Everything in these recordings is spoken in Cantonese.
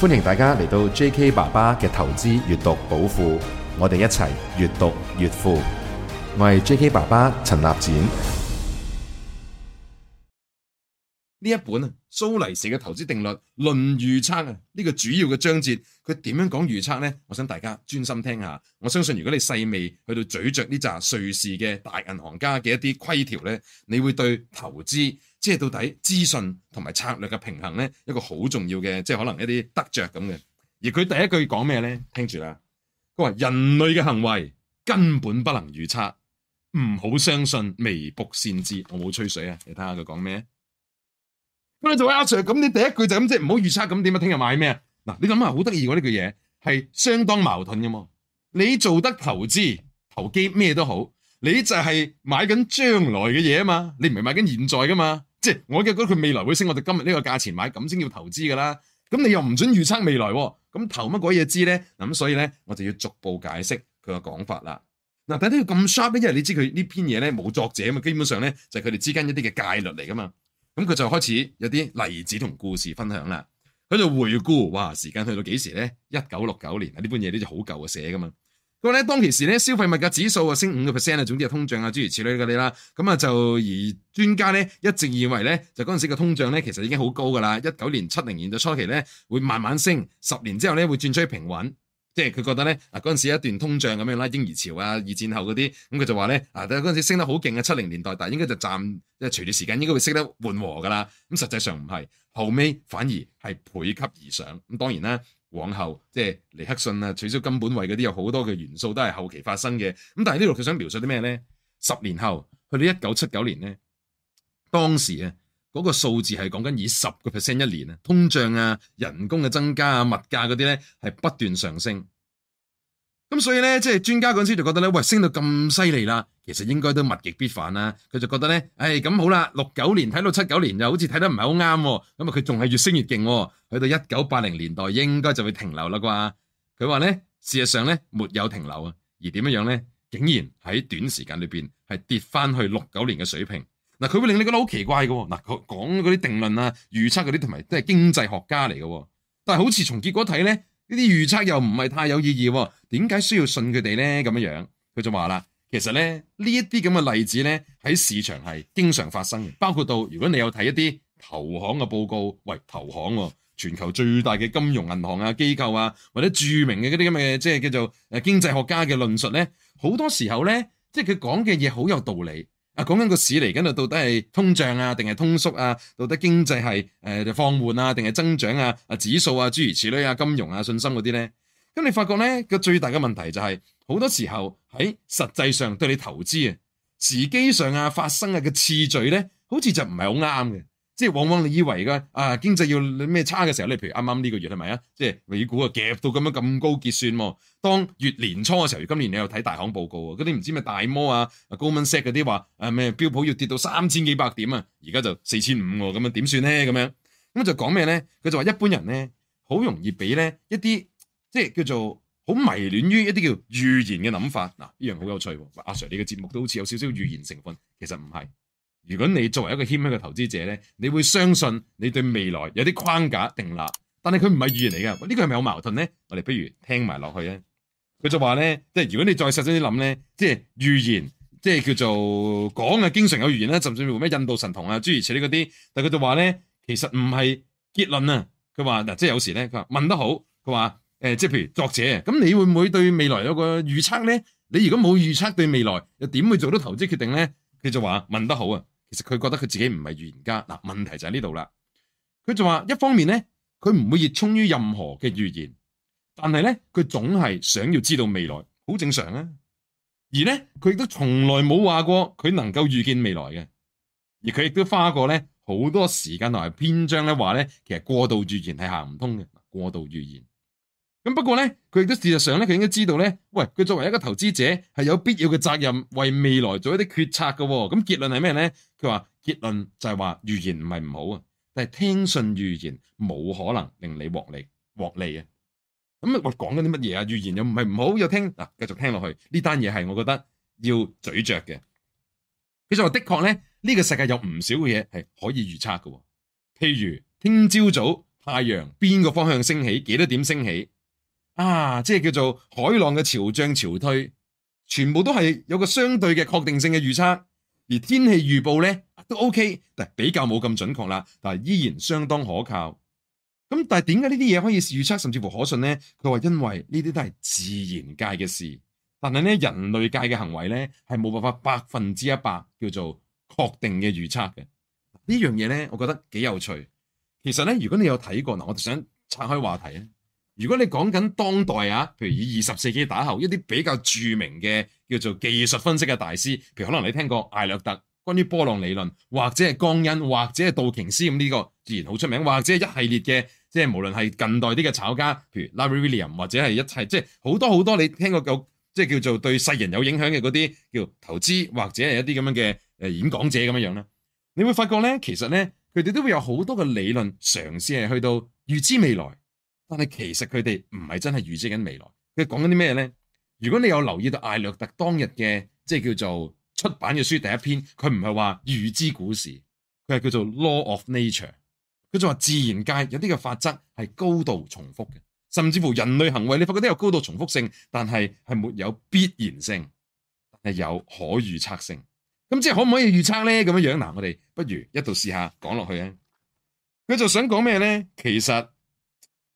歡迎大家嚟到 J.K. 爸爸嘅投資閱讀寶庫，我哋一齊閱讀越富。我係 J.K. 爸爸陳立展。呢一本啊蘇黎世嘅投資定律論預測啊呢、呢個主要嘅章節，佢點樣講預測呢？我想大家專心聽下。我相信如果你細微去到咀嚼呢扎瑞士嘅大銀行家嘅一啲規條咧，你會對投資。即係到底資訊同埋策略嘅平衡咧，一個好重要嘅，即係可能一啲得着咁嘅。而佢第一句講咩咧？聽住啦，佢話，人類嘅行為根本不能預測，唔好相信未卜先知。我冇吹水啊！你睇下佢講咩？咁你做阿 Sir，咁你第一句就咁即係唔好預測，咁點啊？聽日買咩啊？嗱，你諗下好得意，我呢句嘢係相當矛盾嘅嘛。你做得投資、投機咩都好，你就係買緊將來嘅嘢啊嘛。你唔係買緊現在噶嘛？即係我嘅，覺得佢未來會升，我哋今日呢個價錢買，咁先要投資噶啦。咁你又唔准預測未來啊，咁投乜鬼嘢資咧？嗱，咁所以咧，我就要逐步解釋佢個講法啦。嗱，但都要咁 sharp 咧，因為你知佢呢篇嘢咧冇作者啊嘛，基本上咧就係佢哋之間一啲嘅戒律嚟噶嘛。咁佢就開始有啲例子同故事分享啦，佢就回顧，哇，時間去到幾時咧？一九六九年啊，呢本嘢咧就好舊嘅寫噶嘛。不過咧，當其時咧，消費物價指數啊升五個 percent 啊，總之係通脹啊，諸如此類嗰啲啦，咁啊就而專家咧，一直以為咧，就嗰陣時嘅通脹咧其實已經好高噶啦，一九年七零年代初期咧，會慢慢升，十年之後咧，會轉趨平穩，即係佢覺得咧，嗱嗰陣時一段通脹咁樣啦，嬰兒潮啊，二戰後嗰啲，咁佢就話咧，啊嗰陣時升得好勁啊七零年代，但係應該就暫即係隨住時間應該會升得緩和噶啦，咁實際上唔係，後尾反而係倍級而上，咁當然啦。往後即係尼克遜啊，取消金本位嗰啲有好多嘅元素都係後期發生嘅。咁但係呢度佢想描述啲咩咧？十年後去到一九七九年咧，當時啊嗰個數字係講緊以十個 percent 一年啊，通脹啊、人工嘅增加啊、物價嗰啲咧係不斷上升。咁所以咧，即係專家嗰陣時就覺得咧，喂，升到咁犀利啦，其實應該都物極必反啦。佢就覺得咧，誒、哎，咁好啦，六九年睇到七九年，年就好似睇得唔係好啱。咁啊，佢仲係越升越勁，去到一九八零年代應該就會停留啦啩。佢話咧，事實上咧，沒有停留啊，而點樣樣咧，竟然喺短時間裏邊係跌翻去六九年嘅水平。嗱、呃，佢會令你覺得好奇怪嘅。嗱、呃，佢講嗰啲定論啊，預測嗰啲，同埋都係經濟學家嚟嘅。但係好似從結果睇咧。呢啲預測又唔係太有意義喎，點解需要信佢哋呢？咁樣樣，佢就話啦，其實呢，呢一啲咁嘅例子呢，喺市場係經常發生嘅，包括到如果你有睇一啲投行嘅報告，喂，投行喎，哦，全球最大嘅金融銀行啊、機構啊，或者著名嘅嗰啲咁嘅即係叫做誒經濟學家嘅論述呢，好多時候呢，即係佢講嘅嘢好有道理。啊，講緊個市嚟緊啊，到底係通脹啊，定係通縮啊？到底經濟係誒、呃、放緩啊，定係增長啊？啊指數啊，諸如此類啊，金融啊，信心嗰啲咧？咁你發覺咧個最大嘅問題就係、是、好多時候喺實際上對你投資啊時機上啊發生啊嘅次序咧，好似就唔係好啱嘅。即係往往你以為噶啊經濟要咩差嘅時候咧，你譬如啱啱呢個月係咪啊？即係美股啊夾到咁樣咁高結算，當越年初嘅時候，今年你有睇大行報告啊，嗰啲唔知咩大摩啊、高盛嗰啲話啊咩標普要跌到三千幾百點啊，而家就四千五咁樣點算咧？咁樣咁就講咩咧？佢就話一般人咧好容易俾咧一啲即係叫做好迷戀於一啲叫預言嘅諗法嗱，呢、啊、樣好有趣、啊。阿、啊、Sir 你嘅節目都好似有少少預言成分，其實唔係。如果你作為一個謙虛嘅投資者咧，你會相信你對未來有啲框架定立，但係佢唔係預言嚟㗎。呢個係咪有矛盾咧？我哋不如聽埋落去啊！佢就話咧，即係如果你再細心啲諗咧，即係預言，即係叫做講啊，經常有預言啦，甚至乎咩印度神童啊、諸如此類嗰啲。但係佢就話咧，其實唔係結論啊。佢話嗱，即係有時咧，佢話問得好，佢話誒，即係譬如作者，咁你會唔會對未來有個預測咧？你如果冇預測對未來，又點會做到投資決定咧？佢就話問得好啊！其實佢覺得佢自己唔係預言家，嗱，問題就喺呢度啦。佢就話一方面咧，佢唔會熱衷於任何嘅預言，但係咧，佢總係想要知道未來，好正常啊。而咧佢亦都從來冇話過佢能夠預見未來嘅，而佢亦都花過咧好多時間同埋篇章咧話咧，其實過度預言係行唔通嘅，過度預言。咁不過咧，佢亦都事實上咧，佢應該知道咧。喂，佢作為一個投資者，係有必要嘅責任為未來做一啲決策嘅，哦。咁，嗯，結論係咩咧？佢話結論就係話預言唔係唔好啊，但係聽信預言冇可能令你獲利獲利啊。咁，嗯，我講緊啲乜嘢啊？預言又唔係唔好，又聽嗱，繼續聽落去呢單嘢係我覺得要咀嚼嘅。佢就話的確咧，呢、這個世界有唔少嘅嘢係可以預測嘅，譬如聽朝早太陽邊個方向升起，幾多點升起。啊，即係叫做海浪嘅潮漲潮退，全部都係有個相對嘅確定性嘅預測，而天氣預報咧都 OK，但係比較冇咁準確啦，但係依然相當可靠。咁但係點解呢啲嘢可以預測，甚至乎可信呢？佢話因為呢啲都係自然界嘅事，但係咧人類界嘅行為咧係冇辦法百分之一百叫做確定嘅預測嘅。呢樣嘢咧，我覺得幾有趣。其實咧，如果你有睇過嗱，我哋想拆開話題咧。如果你講緊當代啊，譬如以二十世 K 打後一啲比較著名嘅叫做技術分析嘅大師，譬如可能你聽過艾略特關於波浪理論，或者係江恩，或者係道瓊斯咁呢、這個自然好出名，或者係一系列嘅即係無論係近代啲嘅炒家，譬如 Larry William 或者係一切即係好多好多你聽過夠即係叫做對世人有影響嘅嗰啲叫投資或者係一啲咁樣嘅誒演講者咁樣樣咧，你會發覺咧其實咧佢哋都會有好多嘅理論嘗試係去到預知未來。但係其實佢哋唔係真係預知緊未來，佢講緊啲咩咧？如果你有留意到艾略特當日嘅即係叫做出版嘅書第一篇，佢唔係話預知股市，佢係叫做 Law of Nature，佢就話自然界有啲嘅法則係高度重複嘅，甚至乎人類行為你發覺都有高度重複性，但係係沒有必然性，但係有可預測性。咁即係可唔可以預測咧？咁樣樣嗱，我哋不如一度試下講落去啊！佢就想講咩咧？其實。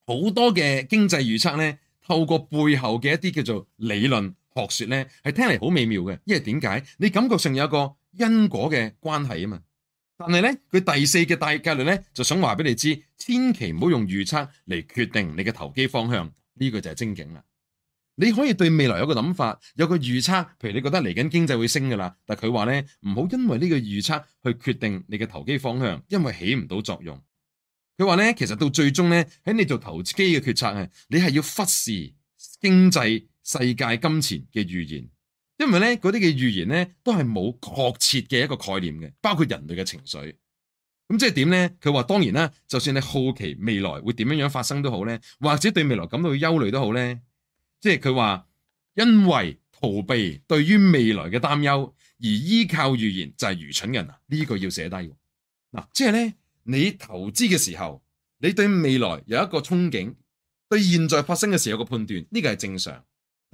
好多嘅經濟預測呢，透過背後嘅一啲叫做理論學說呢，係聽嚟好美妙嘅。因為點解？你感覺上有一個因果嘅關係啊嘛。但係呢，佢第四嘅大定律呢，就想話俾你知，千祈唔好用預測嚟決定你嘅投機方向。呢個就係精警啦。你可以對未來有個諗法，有個預測，譬如你覺得嚟緊經濟會升噶啦，但佢話呢，唔好因為呢個預測去決定你嘅投機方向，因為起唔到作用。佢話咧，其實到最終咧，喺你做投機嘅決策啊，你係要忽視經濟、世界金錢嘅預言，因為咧嗰啲嘅預言咧都係冇確切嘅一個概念嘅，包括人類嘅情緒。咁即係點咧？佢話當然啦，就算你好奇未來會點樣樣發生都好咧，或者對未來感到憂慮都好咧，即係佢話因為逃避對於未來嘅擔憂而依靠預言就係愚蠢人、這個、啊！呢個要寫低嗱，即係咧。你投資嘅時候，你對未來有一個憧憬，對現在發生嘅事有個判斷，呢個係正常。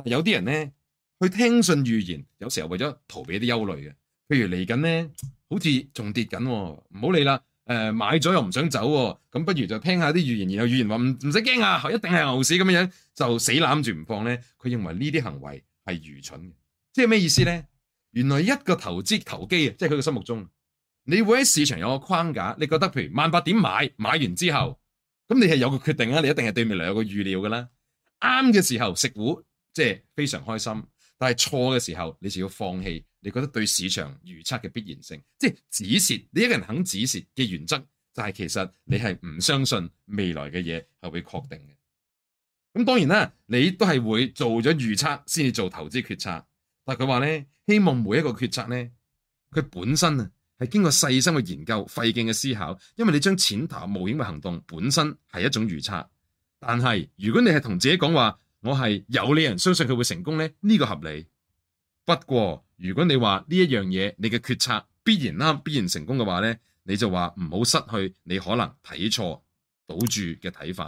有啲人呢，去聽信預言，有時候為咗逃避啲憂慮嘅。譬如嚟緊呢，好似仲跌緊，啊，唔好理啦。誒、呃，買咗又唔想走，啊，咁不如就聽一下啲預言，然後預言話唔唔使驚啊，一定係牛市咁樣樣，就死攬住唔放呢。佢認為呢啲行為係愚蠢嘅，即係咩意思呢？原來一個投資投機啊，即係佢嘅心目中。你會喺市場有個框架，你覺得譬如萬八點買，買完之後咁，你係有個決定啊，你一定係對未來有個預料㗎啦。啱嘅時候食糊，即係非常開心；但係錯嘅時候，你就要放棄。你覺得對市場預測嘅必然性，即係止蝕。你一個人肯止蝕嘅原則就係其實你係唔相信未來嘅嘢係會確定嘅。咁當然啦，你都係會做咗預測先至做投資決策。但係佢話咧，希望每一個決策咧，佢本身啊～係經過細心嘅研究、費勁嘅思考，因為你將錢投冒險嘅行動本身係一種預測。但係如果你係同自己講話，我係有理由相信佢會成功呢，呢、這個合理。不過如果你話呢一樣嘢，你嘅決策必然啱、必然成功嘅話呢，你就話唔好失去你可能睇錯賭注嘅睇法。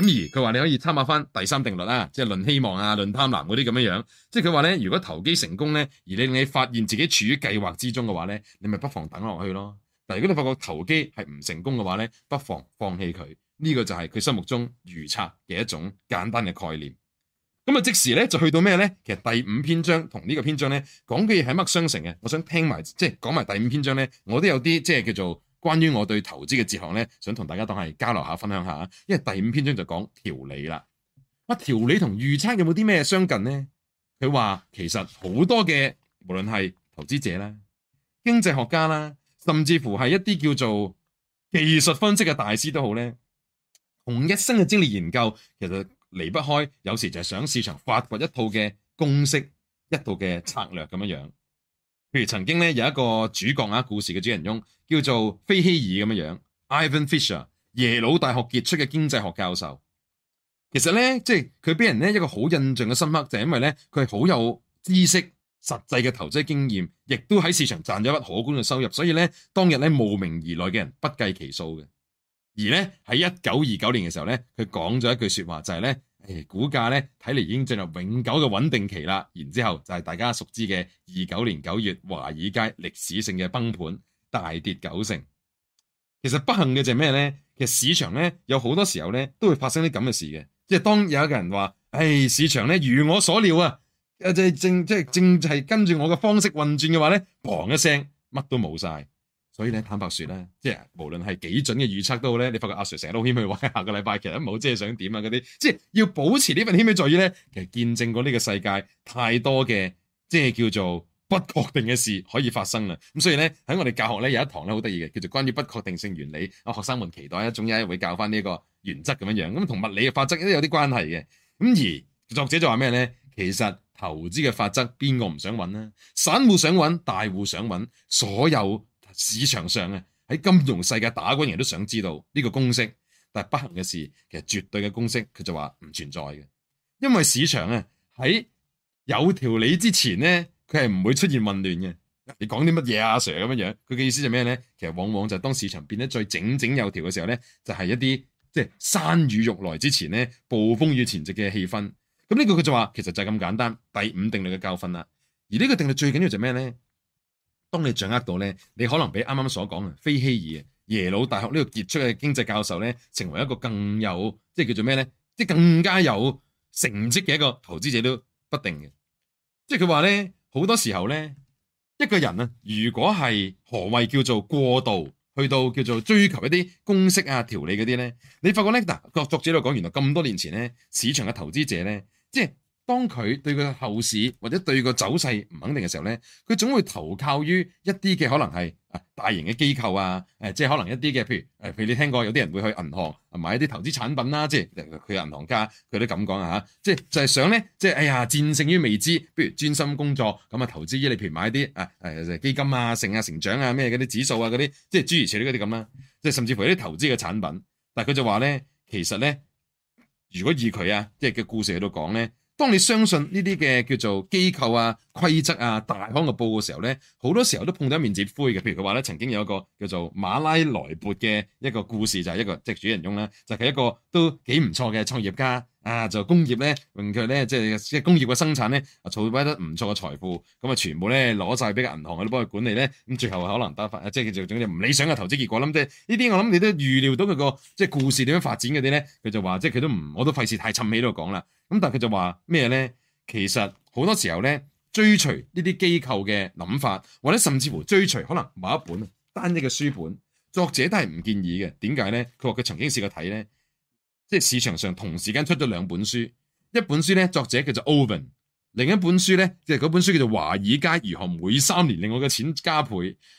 咁而佢話你可以參考翻第三定律啦，即係論希望啊，論貪婪嗰啲咁樣樣。即係佢話咧，如果投機成功咧，而令你發現自己處於計劃之中嘅話咧，你咪不妨等落去咯。但，如果你發覺投機係唔成功嘅話咧，不妨放棄佢。呢個就係佢心目中預測嘅一種簡單嘅概念。咁啊，即時咧就去到咩咧？其實第五篇章同呢個篇章咧講嘅嘢係乜相成嘅？我想聽埋，即係講埋第五篇章咧，我都有啲即係叫做。關於我對投資嘅哲學呢，想同大家當係交流下、分享下，因為第五篇章就講條理啦。哇，條理同預測有冇啲咩相近呢？佢話其實好多嘅，無論係投資者啦、經濟學家啦，甚至乎係一啲叫做技術分析嘅大師都好呢，同一生嘅精力研究，其實離不開，有時就係想市場發掘一套嘅公式，一套嘅策略咁樣樣。譬如曾經咧有一個主角啊，故事嘅主人翁叫做菲希爾咁樣樣，Ivan Fisher 耶魯大學傑出嘅經濟學教授。其實咧即係佢俾人咧一個好印象嘅深刻，就係因為咧佢係好有知識、實際嘅投資經驗，亦都喺市場賺咗一筆可觀嘅收入。所以咧當日咧慕名而來嘅人不計其數嘅。而咧喺一九二九年嘅時候咧，佢講咗一句說話就係咧。誒、哎，股價咧睇嚟，已經進入永久嘅穩定期啦，然之後就係大家熟知嘅二九年九月華爾街歷史性嘅崩盤，大跌九成。其實不幸嘅就係咩咧？其實市場咧有好多時候咧都會發生啲咁嘅事嘅，即係當有一個人話，誒、哎，市場咧如我所料啊，誒，即係正即係正係跟住我嘅方式運轉嘅話咧，砰一聲，乜都冇晒。所以咧，坦白說咧，即係無論係幾準嘅預測都好咧，你發覺阿 Sir 成日都謙虛話，下個禮拜其實都唔知想點啊嗰啲，即係要保持呢份謙虛在於咧，其實見證過呢個世界太多嘅，即係叫做不確定嘅事可以發生啦。咁所以咧，喺我哋教學咧有一堂咧好得意嘅，叫做關於不確定性原理。啊，學生們期待一種人會教翻呢個原則咁樣樣，咁同物理嘅法則都有啲關係嘅。咁而作者就話咩咧？其實投資嘅法則邊個唔想搵咧？散戶想搵，大戶想搵，所有。市場上啊，喺金融世界打滾人都想知道呢個公式，但係不幸嘅事，其實絕對嘅公式佢就話唔存在嘅，因為市場啊喺有條理之前咧，佢係唔會出現混亂嘅。你講啲乜嘢啊，Sir 咁樣樣，佢嘅意思就係咩咧？其實往往就當市場變得最整整有條嘅時候咧，就係一啲即係山雨欲來之前咧，暴風雨前夕嘅氣氛。咁呢個佢就話，其實就係咁簡單，第五定律嘅教訓啦。而呢個定律最緊要就係咩咧？當你掌握到咧，你可能比啱啱所講嘅非希爾耶魯大學呢個傑出嘅經濟教授咧，成為一個更有即係叫做咩咧，即係更加有成績嘅一個投資者都不定嘅。即係佢話咧，好多時候咧，一個人啊，如果係何謂叫做過度，去到叫做追求一啲公式啊、條理嗰啲咧，你發覺咧嗱，作作者都講，原來咁多年前咧，市場嘅投資者咧，即係。當佢對佢後市或者對個走勢唔肯定嘅時候咧，佢總會投靠於一啲嘅可能係啊大型嘅機構啊，誒、呃，即係可能一啲嘅，譬如誒，譬如你聽過有啲人會去銀行買一啲投資產品啦、啊，即係佢銀行家佢都咁講啊吓，即係就係想咧，即係哎呀戰勝於未知，不如專心工作，咁啊投資依你，譬如買啲啊誒、呃、基金啊，成啊成長啊咩嗰啲指數啊嗰啲，即係諸如此類嗰啲咁啊，即係甚至乎啲投資嘅產品，但係佢就話咧，其實咧如果以佢啊即係嘅故事喺度講咧。當你相信呢啲嘅叫做機構啊、規則啊、大行嘅報告嘅時候呢，好多時候都碰到一面紙灰嘅。譬如佢話咧，曾經有一個叫做馬拉來博嘅一個故事，就係、是、一個職主人翁咧，就係、是一，就是、一個都幾唔錯嘅創業家。啊，就工業咧，令佢咧，即係即係工業嘅生產咧，啊，儲積得唔錯嘅財富，咁啊，全部咧攞晒俾個銀行去幫佢管理咧，咁最後可能得返，即係佢就總之唔理想嘅投資結果。諗即係呢啲，我諗你都預料到佢個即係故事點樣發展嗰啲咧，佢就話即係佢都唔，我都費事太沉喺度講啦。咁但係佢就話咩咧？其實好多時候咧，追隨呢啲機構嘅諗法，或者甚至乎追隨可能某一本單一嘅書本，作者都係唔建議嘅。點解咧？佢話佢曾經試過睇咧。即係市場上同時間出咗兩本書，一本書呢，作者叫做 o v e n，另一本書呢，即係嗰本書叫做華爾街如何每三年令我嘅錢加倍，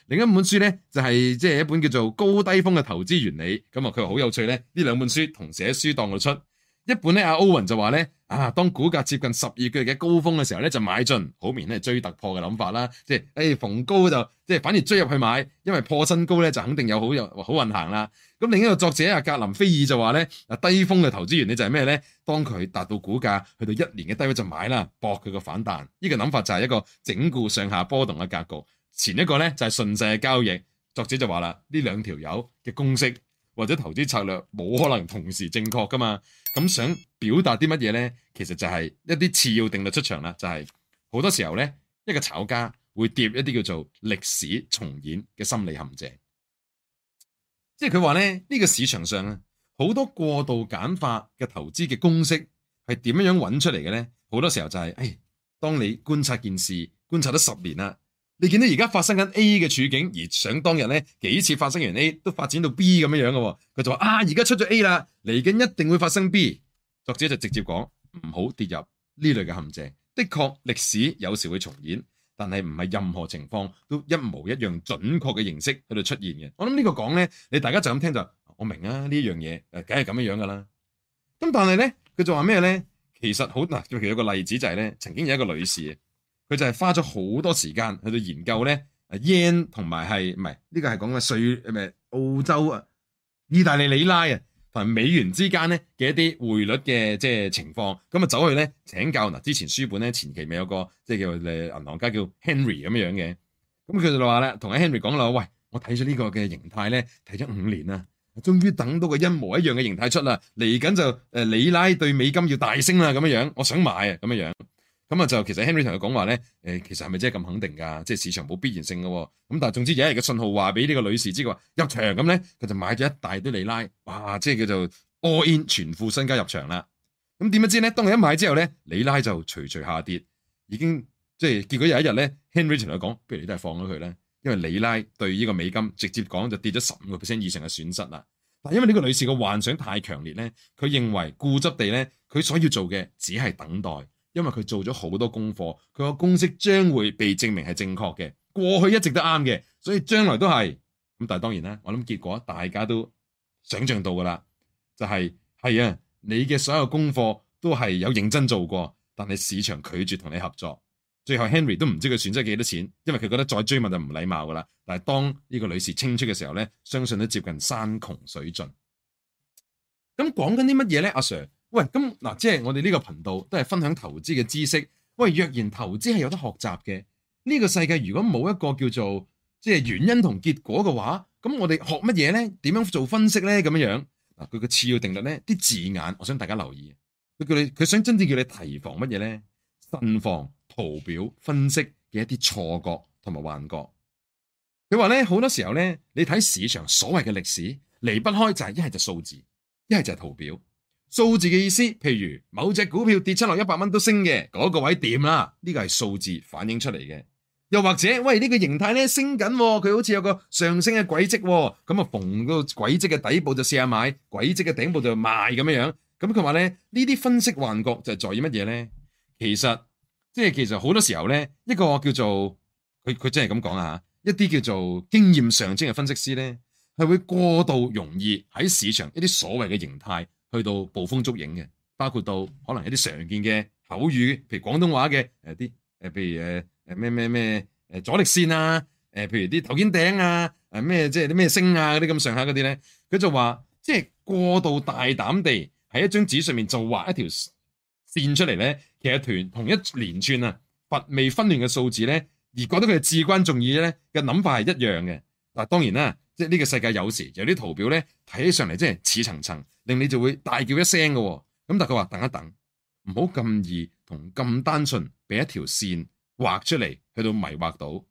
另一本書呢，就係即係一本叫做高低峰嘅投資原理，咁啊佢好有趣咧，呢這兩本書同寫書當佢出，一本咧，阿歐文就話咧，啊，當股價接近十二個月嘅高峰嘅時候咧，就買進，好明顯咧，追突破嘅諗法啦，即係，誒、哎，逢高就即係反而追入去買，因為破新高咧就肯定有好有好運行啦。咁另一個作者阿格林菲爾就話咧，啊，低峰嘅投資人咧就係咩咧？當佢達到股價去到一年嘅低位就買啦，博佢個反彈，呢個諗法就係一個整固上下波動嘅格局。前一個咧就係順勢嘅交易，作者就話啦，呢兩條友嘅公式。或者投資策略冇可能同時正確噶嘛？咁想表達啲乜嘢咧？其實就係一啲次要定律出場啦，就係、是、好多時候咧，一個炒家會跌一啲叫做歷史重演嘅心理陷阱。即係佢話咧，呢、呢個市場上咧，好多過度簡化嘅投資嘅公式係點樣樣揾出嚟嘅咧？好多時候就係、是，誒，當你觀察件事，觀察咗十年啦。你見到而家發生緊 A 嘅處境，而想當日咧幾次發生完 A 都發展到 B 咁樣樣嘅，哦，佢就話啊，而家出咗 A 啦，嚟緊一定會發生 B。作者就直接講唔好跌入呢類嘅陷阱。的確，歷史有時會重演，但係唔係任何情況都一模一樣準確嘅形式喺度出現嘅。我諗呢個講咧，你大家就咁聽就我明啊，呃、樣呢樣嘢誒，梗係咁樣樣噶啦。咁但係咧，佢就話咩咧？其實好嗱，譬如有個例子就係、是、咧，曾經有一個女士。佢就係花咗好多時間去到研究咧，啊 yen 同埋係唔係呢個係講嘅瑞唔係澳洲啊、意大利里拉啊同埋美元之間咧嘅一啲匯率嘅即係情況，咁、就、啊、是、走去咧請教嗱，之前書本咧前期咪有個即係叫誒銀行家叫 Henry 咁樣嘅，咁佢就話咧同阿 Henry 講啦，喂，我睇咗呢個嘅形態咧，睇咗五年啦，終於等到一個一模一樣嘅形態出啦，嚟緊就誒里、呃、拉對美金要大升啦咁樣樣，我想買啊咁樣樣。咁啊，就其實 Henry 同佢講話咧，誒，其實係咪真係咁肯定㗎？即係市場冇必然性嘅。咁但係總之有一日嘅信號話俾呢個女士知嘅話入場咁咧，佢就買咗一大堆里拉，哇！即係叫做 all in 全副身家入場啦。咁點解樣知咧？當佢一買之後咧，里拉就徐徐下跌，已經即係結果有一日咧 ，Henry 同佢講，不如你都係放咗佢咧，因為里拉對呢個美金直接講就跌咗十五個 percent 以上嘅損失啦。但係因為呢個女士個幻想太強烈咧，佢認為固執地咧，佢所要做嘅只係等待。因為佢做咗好多功課，佢個公式將會被證明係正確嘅，過去一直都啱嘅，所以將來都係。咁但係當然啦，我諗結果大家都想象到噶啦，就係、是、係啊，你嘅所有功課都係有認真做過，但係市場拒絕同你合作，最後 Henry 都唔知佢損失幾多錢，因為佢覺得再追問就唔禮貌噶啦。但係當呢個女士清出嘅時候咧，相信都接近山窮水盡。咁講緊啲乜嘢咧，阿、啊、Sir？喂，咁嗱，即係我哋呢個頻道都係分享投資嘅知識。喂，若然投資係有得學習嘅，呢個世界如果冇一個叫做即係原因同結果嘅話，咁我哋學乜嘢咧？點樣做分析咧？咁樣樣嗱，佢個次要定律咧，啲字眼，我想大家留意。佢叫你，佢想真正叫你提防乜嘢咧？慎防圖表分析嘅一啲錯覺同埋幻覺。佢話咧，好多時候咧，你睇市場所謂嘅歷史，離不開就係一係就數字，一係就係圖表。數字嘅意思，譬如某隻股票跌出落一百蚊都升嘅，嗰、那個位點啦？呢個係數字反映出嚟嘅。又或者，喂呢、這個形態咧升緊，佢好似有個上升嘅軌跡，咁啊逢個軌跡嘅底部就試下買，軌跡嘅頂部就賣咁樣樣。咁佢話咧，呢啲分析幻覺就在於乜嘢咧？其實即係、就是、其實好多時候咧，一個叫做佢佢真係咁講啊，一啲叫做經驗上精嘅分析師咧，係會過度容易喺市場一啲所謂嘅形態。去到捕風捉影嘅，包括到可能一啲常見嘅口語，譬如廣東話嘅誒啲誒，譬如誒誒咩咩咩誒阻力線啊，誒、啊、譬如啲頭肩頂啊，誒、啊、咩、啊、即係啲咩星啊啲咁上下嗰啲咧，佢就話即係過度大膽地喺一張紙上面就畫一條線出嚟咧，其實同同一連串啊乏味分亂嘅數字咧，而覺得佢係至關重要咧嘅諗法係一樣嘅，但係當然啦。即呢個世界，有時有啲圖表咧，睇起上嚟即係似層層，令你就會大叫一聲嘅、哦。咁但佢話等一等，唔好咁易同咁單純，俾一條線畫出嚟去到迷惑到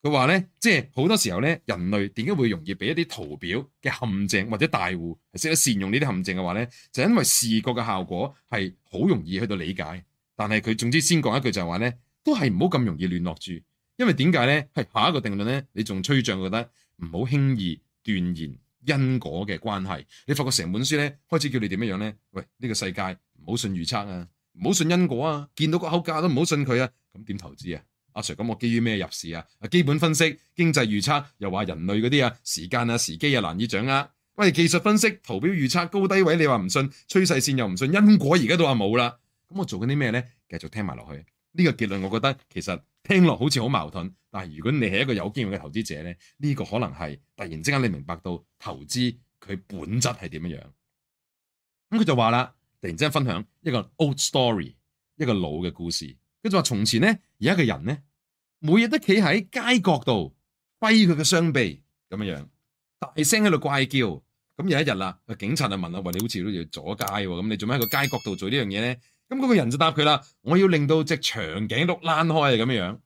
佢話咧，即係好多時候咧，人類點解會容易俾一啲圖表嘅陷阱或者大戶係識得善用呢啲陷阱嘅話咧，就是、因為視覺嘅效果係好容易去到理解。但係佢總之先講一句就係話咧，都係唔好咁容易亂落住，因為點解咧？係下一個定論咧，你仲吹漲覺得。唔好輕易斷言因果嘅關係，你發覺成本書咧，開始叫你點樣樣咧？喂，呢個世界唔好信預測啊，唔好信因果啊，見到個口價都唔好信佢啊，咁點投資啊？阿 Sir，咁我基於咩入市啊？啊，基本分析、經濟預測，又話人類嗰啲啊，時間啊、時機啊，難以掌握。喂，技術分析、圖表預測、高低位，你話唔信，趨勢線又唔信因果，而家都話冇啦。咁我做緊啲咩咧？繼續聽埋落去。呢個結論我覺得其實聽落好似好矛盾。但如果你係一個有經驗嘅投資者咧，呢個可能係突然之間你明白到投資佢本質係點樣樣。咁佢就話啦，突然之間分享一個 old story，一個老嘅故事。佢就話從前咧，有一個人咧，每日都企喺街角度，揮佢嘅雙臂咁樣樣，大聲喺度怪叫。咁有一日啦，個警察就問啦：，話你好似阻咗街喎，咁你做咩喺個街角度做呢樣嘢咧？咁嗰個人就答佢啦：，我要令到隻長頸鹿攆開啊，咁樣樣。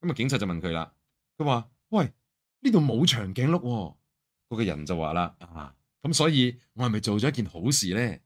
咁啊，警察就問佢啦，佢話：喂，呢度冇長頸鹿，哦。嗰、嗰個人就話啦：啊，咁所以我係咪做咗一件好事咧？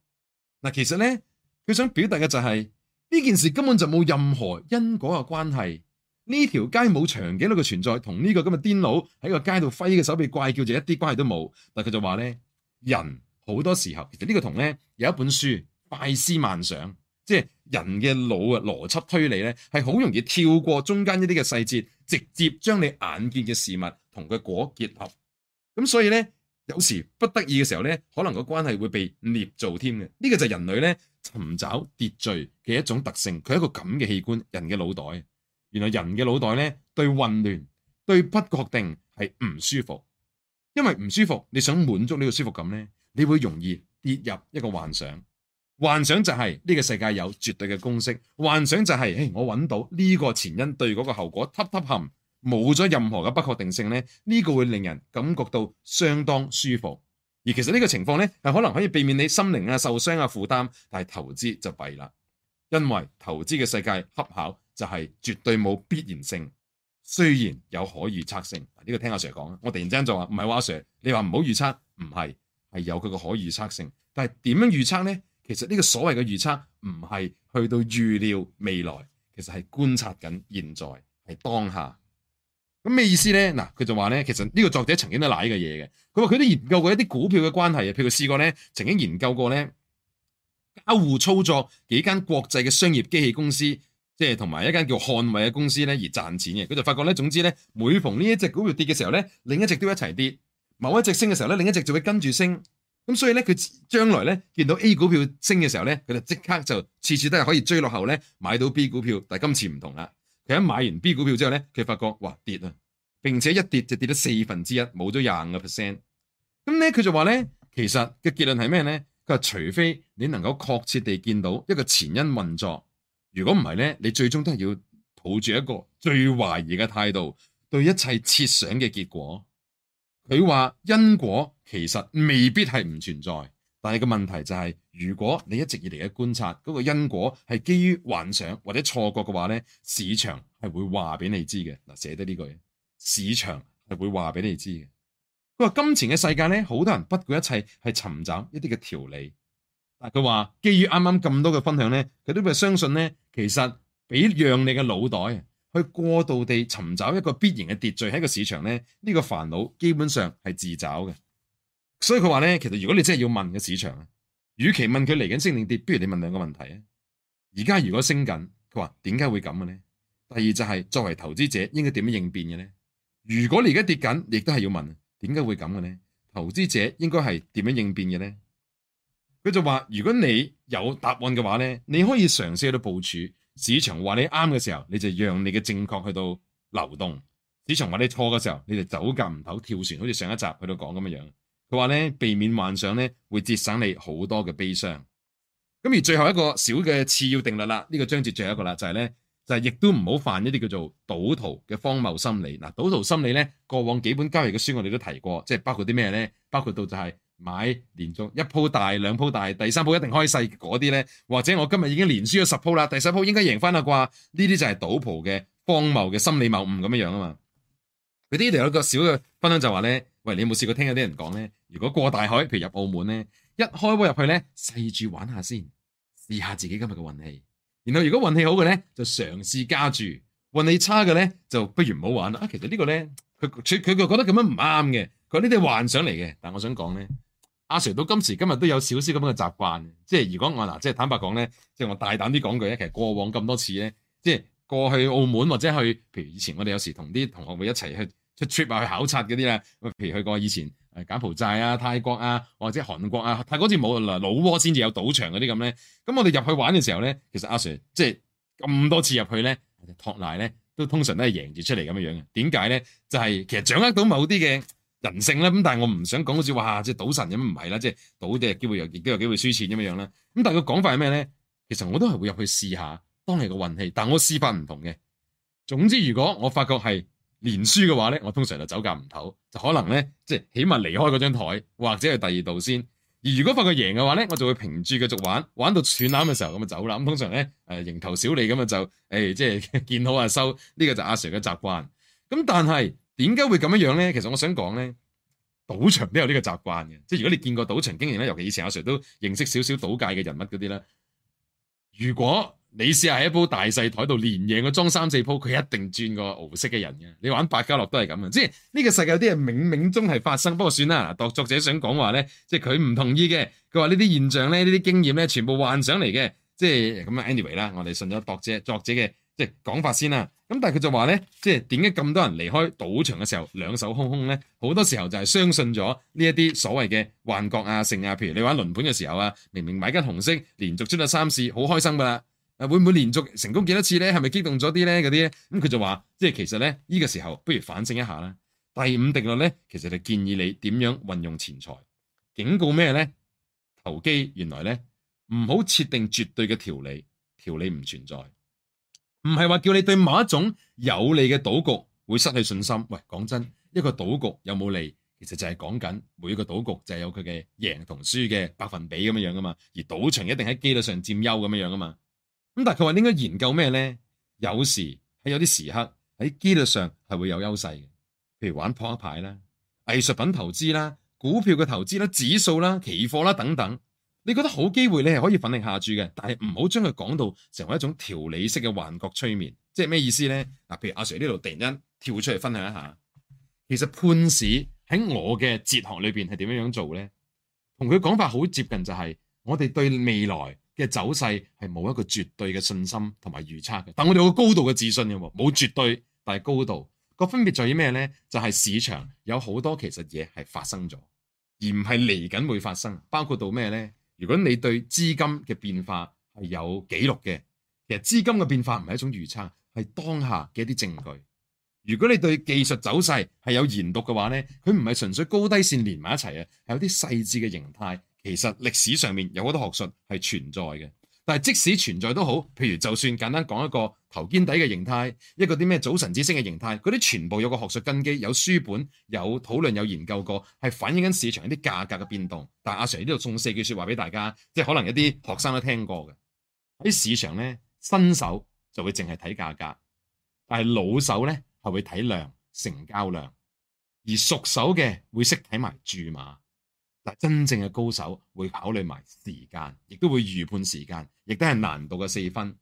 嗱，其實咧，佢想表達嘅就係、是，呢件事根本就冇任何因果嘅關係。呢條街冇長頸鹿嘅存在，同呢個咁嘅癲佬喺個街度揮嘅手臂怪叫，就一啲關係都冇。但係佢就話咧，人好多時候，其實個呢個同咧有一本書《拜思萬想》即，即係。人嘅腦嘅，邏輯推理咧，係好容易跳過中間一啲嘅細節，直接將你眼見嘅事物同佢果結合。咁所以咧，有時不得已嘅時候咧，可能個關係會被捏造添嘅。呢、這個就係人類咧尋找秩序嘅一種特性。佢係一個咁嘅器官，人嘅腦袋。原來人嘅腦袋咧，對混亂、對不確定係唔舒服。因為唔舒服，你想滿足呢個舒服感咧，你會容易跌入一個幻想。幻想就係、是、呢、這個世界有絕對嘅公式，幻想就係、是，誒，我揾到呢個前因對嗰個後果，揼揼冚冇咗任何嘅不確定性呢呢、這個會令人感覺到相當舒服。而其實呢個情況呢，係可能可以避免你心靈啊受傷啊負擔，但係投資就弊啦，因為投資嘅世界恰巧就係絕對冇必然性，雖然有可預測性。呢、這個聽阿 Sir 講，我突然間就話唔係話阿 Sir，你話唔好預測，唔係，係有佢個可預測性，但係點樣預測呢？其實呢個所謂嘅預測唔係去到預料未來，其實係觀察緊現在，係當下。咁咩意思咧？嗱，佢就話咧，其實呢個作者曾經都賴嘅嘢嘅。佢話佢都研究過一啲股票嘅關係啊，譬如試過咧，曾經研究過咧，交互操作幾間國際嘅商業機器公司，即係同埋一間叫漢威嘅公司咧而賺錢嘅。佢就發覺咧，總之咧，每逢呢一隻股票跌嘅時候咧，另一隻都一齊跌；某一隻升嘅時候咧，另一隻就會跟住升。咁所以咧，佢將來咧見到 A 股票升嘅時候咧，佢就即刻就次次都係可以追落後咧，買到 B 股票。但係今次唔同啦，佢一買完 B 股票之後咧，佢發覺哇跌啊，並且一跌就跌咗四分之一，冇咗廿五個 percent。咁咧佢就話咧，其實嘅結論係咩咧？佢話除非你能夠確切地見到一個前因運作，如果唔係咧，你最終都係要抱住一個最懷疑嘅態度，對一切設想嘅結果。佢話因果。其實未必係唔存在，但係個問題就係，如果你一直以嚟嘅觀察嗰個因果係基於幻想或者錯覺嘅話咧，市場係會話俾你知嘅。嗱，寫得呢句，市場係會話俾你知嘅。佢話金錢嘅世界咧，好多人不顧一切係尋找一啲嘅條理，但佢話基於啱啱咁多嘅分享咧，佢都係相信咧，其實俾讓你嘅腦袋去過度地尋找一個必然嘅秩序喺個市場咧，呢個煩惱基本上係自找嘅。所以佢話呢，其實如果你真係要問嘅市場啊，與其問佢嚟緊升定跌，不如你問兩個問題啊。而家如果升緊，佢話點解會咁嘅呢？第二就係作為投資者應該點樣應變嘅呢？如果你而家跌緊，亦都係要問點解會咁嘅呢？投資者應該係點樣應變嘅呢？佢就話如果你有答案嘅話呢，你可以嘗試去到部署，市場話你啱嘅時候，你就讓你嘅正確去到流動；市場話你錯嘅時候，你就走格唔到跳船，好似上一集去到講咁嘅樣。佢話咧，避免幻想咧，會節省你好多嘅悲傷。咁而最後一個小嘅次要定律啦，呢個章節最後一個啦，就係咧，就係亦都唔好犯呢啲叫做賭徒嘅荒謬心理。嗱，賭徒心理咧，過往幾本交易嘅書我哋都提過，即係包括啲咩咧？包括到就係買連中一鋪大、兩鋪大、第三鋪一定開細嗰啲咧，或者我今日已經連輸咗十鋪啦，第十鋪應該贏翻啦啩？呢啲就係賭徒嘅荒謬嘅心理謬誤咁樣樣啊嘛。佢呢度有一個小嘅分享就話咧。喂，你有冇試過聽有啲人講咧？如果過大海，譬如入澳門咧，一開波入去咧，細注玩下先，試下自己今日嘅運氣。然後如果運氣好嘅咧，就嘗試加注；運氣差嘅咧，就不如唔好玩啦。啊，其實呢個呢，佢佢佢覺得咁樣唔啱嘅，佢呢啲幻想嚟嘅。但我想講咧，阿 Sir 到今時今日都有少少咁樣嘅習慣，即係如果我嗱，即係坦白講咧，即係我大膽啲講句咧，其實過往咁多次呢，即係過去澳門或者去，譬如以前我哋有時同啲同學會一齊去。去考察嗰啲啊，譬如去過以前誒柬埔寨啊、泰國啊，或者韓國啊，泰國好似冇啦，老撾先至有賭場嗰啲咁咧。咁我哋入去玩嘅時候咧，其實阿 Sir 即係咁多次入去咧，托賴咧都通常都係贏住出嚟咁樣樣嘅。點解咧？就係、是、其實掌握到某啲嘅人性咧。咁但係我唔想講好似話，即係賭神咁唔係啦，即係賭都有機會輸，又亦都有機會輸錢咁樣樣啦。咁但係個講法係咩咧？其實我都係會入去試下，當期嘅運氣。但我試法唔同嘅。總之如果我發覺係。連輸嘅話呢，我通常就走㗎唔到，就可能呢，即係起碼離開嗰張台，或者去第二度先。而如果發覺贏嘅話呢，我就會屏住繼續玩，玩到串攬嘅時候咁就走啦。咁、嗯、通常呢，誒贏頭小利咁啊就誒、欸、即係見好啊收。呢、這個就阿 Sir 嘅習慣。咁、嗯、但係點解會咁樣樣咧？其實我想講呢，賭場都有呢個習慣嘅。即係如果你見過賭場經營咧，尤其以前阿 Sir 都認識少少賭界嘅人物嗰啲咧，如果。你試下喺一部大細台度連贏個莊三四鋪，佢一定轉個敖色嘅人嘅。你玩百家樂都係咁啊！即係呢個世界啲嘢，冥冥中係發生，不過算啦。嗱，作者想講話咧，即係佢唔同意嘅。佢話呢啲現象咧，這些驗，呢啲經驗咧，全部幻想嚟嘅。即係咁啊，anyway 啦，我哋信咗作者作者嘅即係講法先啦。咁但係佢就話呢，即係點解咁多人離開賭場嘅時候兩手空空呢？好多時候就係相信咗呢一啲所謂嘅幻覺啊、性啊。譬如你玩輪盤嘅時候啊，明明買緊紅色，連續出咗三次，好開心噶啦～誒，會唔會連續成功幾多次咧？係咪激動咗啲咧？嗰啲咁佢就話，即係其實咧呢個時候，不如反省一下啦。第五定律咧，其實就建議你點樣運用錢財，警告咩咧？投機原來咧唔好設定絕對嘅條理，條理唔存在，唔係話叫你對某一種有利嘅賭局會失去信心。喂，講真，一個賭局有冇利，其實就係講緊每一個賭局就係有佢嘅贏同輸嘅百分比咁樣樣噶嘛，而賭場一定喺機率上佔優咁樣樣噶嘛。咁但係佢話應該研究咩咧？有時喺有啲時刻喺機率上係會有優勢嘅，譬如玩撲克牌啦、藝術品投資啦、股票嘅投資啦、指數啦、期貨啦等等。你覺得好機會，你係可以奮力下注嘅，但係唔好將佢講到成為一種條理式嘅幻覺催眠。即係咩意思咧？嗱，譬如阿 Sir 呢度突然間跳出嚟分享一下，其實判市喺我嘅哲學裏邊係點樣樣做咧？同佢講法好接近，就係我哋對未來。嘅走勢係冇一個絕對嘅信心同埋預測嘅，但我哋有個高度嘅自信嘅，冇絕對，但係高度、個分別在於咩咧？就係、是、市場有好多其實嘢係發生咗，而唔係嚟緊會發生。包括到咩咧？如果你對資金嘅變化係有記錄嘅，其實資金嘅變化唔係一種預測，係當下嘅一啲證據。如果你對技術走勢係有研讀嘅話咧，佢唔係純粹高低線連埋一齊啊，係有啲細緻嘅形態。其實歷史上面有好多學術係存在嘅，但即使存在都好，譬如就算簡單講一個頭肩底嘅形態，一個啲咩早晨之星嘅形態，嗰啲全部有個學術根基，有書本、有討論、有研究過，係反映緊市場一啲價格嘅變動。但阿、啊、Sir 喺呢度送四句說話俾大家，即可能一啲學生都聽過嘅。喺市場呢，新手就會淨係睇價格，但係老手呢，係會睇量、成交量，而熟手嘅會識睇埋注碼。但真正嘅高手會考慮埋時間，亦都會預判時間，亦都係難度嘅四分。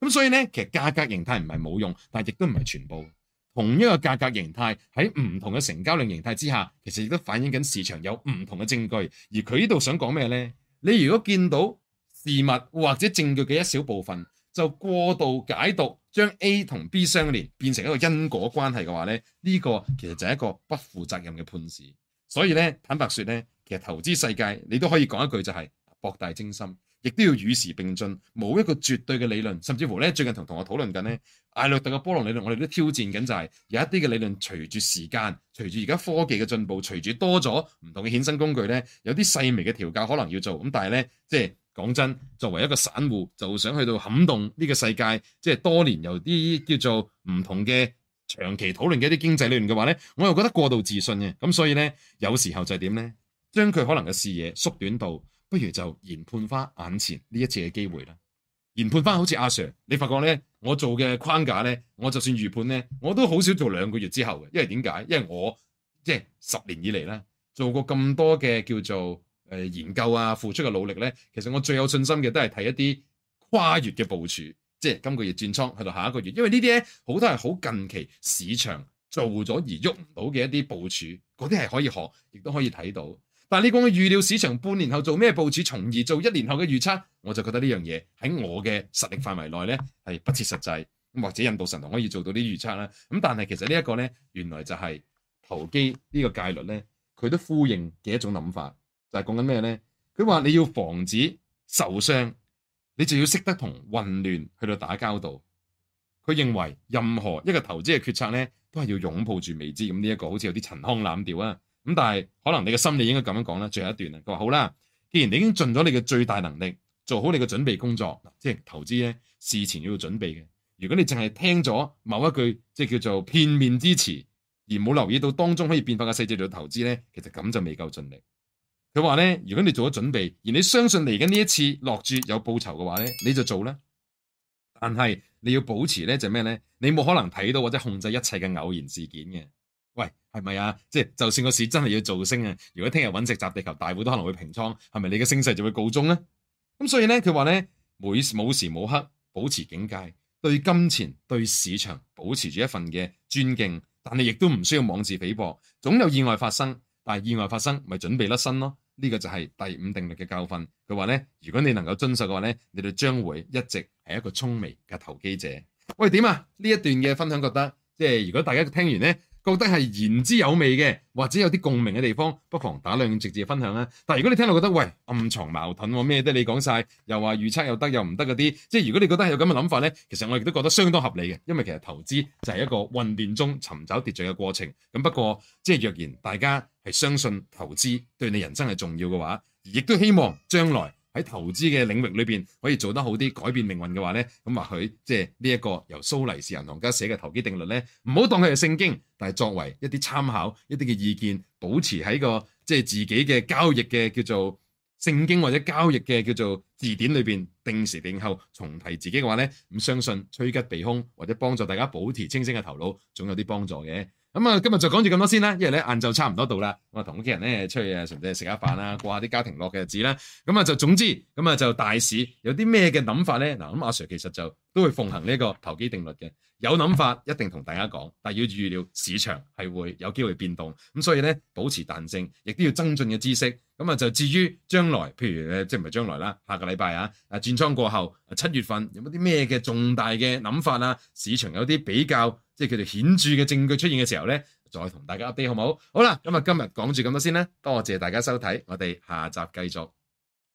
咁所以呢，其實價格形態唔係冇用，但亦都唔係全部。同一個價格形態喺唔同嘅成交量形態之下，其實亦都反映緊市場有唔同嘅證據。而佢呢度想講咩呢？你如果見到事物或者證據嘅一小部分，就過度解讀，將 A 同 B 相連，變成一個因果關係嘅話呢，呢個其實就係一個不負責任嘅判事。所以咧，坦白說咧，其實投資世界你都可以講一句就係博大精深，亦都要與時並進，冇一個絕對嘅理論，甚至乎咧，最近同同學討論緊咧，艾略特嘅波浪理論，我哋都挑戰緊就係有一啲嘅理論隨住時間，隨住而家科技嘅進步，隨住多咗唔同嘅衍生工具咧，有啲細微嘅調教可能要做。咁但係咧，即係講真，作為一個散戶，就想去到撼動呢個世界，即係多年有啲叫做唔同嘅長期討論嘅一啲經濟理論嘅話呢，我又覺得過度自信嘅，咁所以呢，有時候就係點呢？將佢可能嘅視野縮短到，不如就研判返眼前呢一次嘅機會啦。研判返好似阿 Sir，你發覺呢？我做嘅框架呢，我就算預判呢，我都好少做兩個月之後嘅，因為點解？因為我即係十年以嚟呢，做過咁多嘅叫做誒、呃、研究啊，付出嘅努力呢，其實我最有信心嘅都係睇一啲跨越嘅部署。即係今個月轉倉去到下一個月，因為呢啲咧好多係好近期市場做咗而喐唔到嘅一啲部署，嗰啲係可以學，亦都可以睇到。但係你講預料市場半年後做咩部署，從而做一年後嘅預測，我就覺得呢樣嘢喺我嘅實力範圍內咧係不切實際，或者印度神童可以做到啲預測啦。咁但係其實呢一個咧，原來就係投機呢個戒律咧，佢都呼應嘅一種諗法，就係講緊咩咧？佢話你要防止受傷。你就要識得同混亂去到打交道，佢認為任何一個投資嘅決策咧，都係要擁抱住未知。咁呢一個好似有啲陳腔濫調啊。咁但係可能你嘅心理應該咁樣講啦。最後一段啊，佢話好啦，既然你已經盡咗你嘅最大能力，做好你嘅準備工作，即係投資咧，事前要做準備嘅。如果你淨係聽咗某一句即係叫做片面之詞，而冇留意到當中可以變化嘅細節嚟到投資咧，其實咁就未夠盡力。佢話咧，如果你做咗準備，而你相信嚟緊呢一次落注有報酬嘅話咧，你就做啦。但係你要保持咧就咩、是、呢？你冇可能睇到或者控制一切嘅偶然事件嘅。喂，係咪啊？即、就是、就算個市真係要做升啊，如果聽日隕石撞地球，大戶都可能會平倉，係咪？你嘅升勢就會告終呢。咁所以呢，佢話咧，每冇時冇刻保持警戒，對金錢、對市場保持住一份嘅尊敬，但你亦都唔需要妄自菲薄。總有意外發生，但意外發生咪準備甩身咯。呢個就係第五定律嘅教訓，佢話呢，如果你能夠遵守嘅話呢，你哋將會一直係一個聰明嘅投機者。喂，點呀？呢一段嘅分享覺得，即係如果大家聽完呢，覺得係言之有味嘅，或者有啲共鳴嘅地方，不妨打兩直接分享啦。但係如果你聽落覺得，喂，暗藏矛盾喎、啊，咩都你講晒，又話預測又得又唔得嗰啲，即係如果你覺得係有咁嘅諗法咧，其實我亦都覺得相當合理嘅，因為其實投資就係一個混亂中尋找秩序嘅過程。咁不過即係若然大家係相信投資對你人生係重要嘅話，亦都希望將來。喺投資嘅領域裏邊可以做得好啲改變命運嘅話呢，咁或許即係呢一個由蘇黎士銀行家寫嘅投機定律呢，唔好當佢係聖經，但係作為一啲參考、一啲嘅意見，保持喺個即係、就是、自己嘅交易嘅叫做聖經或者交易嘅叫做字典裏邊，定時定候重提自己嘅話呢，咁、嗯、相信趨吉避凶，或者幫助大家保持清醒嘅頭腦總有啲幫助嘅。咁啊，今日就講住咁多先啦，因為咧晏晝差唔多到啦，我同屋企人咧出去啊，純粹食下飯啦，過下啲家庭樂嘅日子啦。咁、嗯、啊，就總之，咁、嗯、啊就大市有啲咩嘅諗法咧？嗱、嗯，咁、啊、阿 Sir 其實就都會奉行呢個投機定律嘅，有諗法一定同大家講，但係要預料，市場係會有機會變動，咁、嗯、所以咧保持彈性，亦都要增進嘅知識。咁、嗯、啊，就至於將來，譬如即係唔係將來啦，下個禮拜啊，啊轉倉過後，七月份有冇啲咩嘅重大嘅諗法啊？市場有啲比較，即係叫做顯著嘅證據出現嘅時候呢，再同大家 update 好唔好？好啦，咁啊今日講住咁多先啦，多謝大家收睇，我哋下集繼續。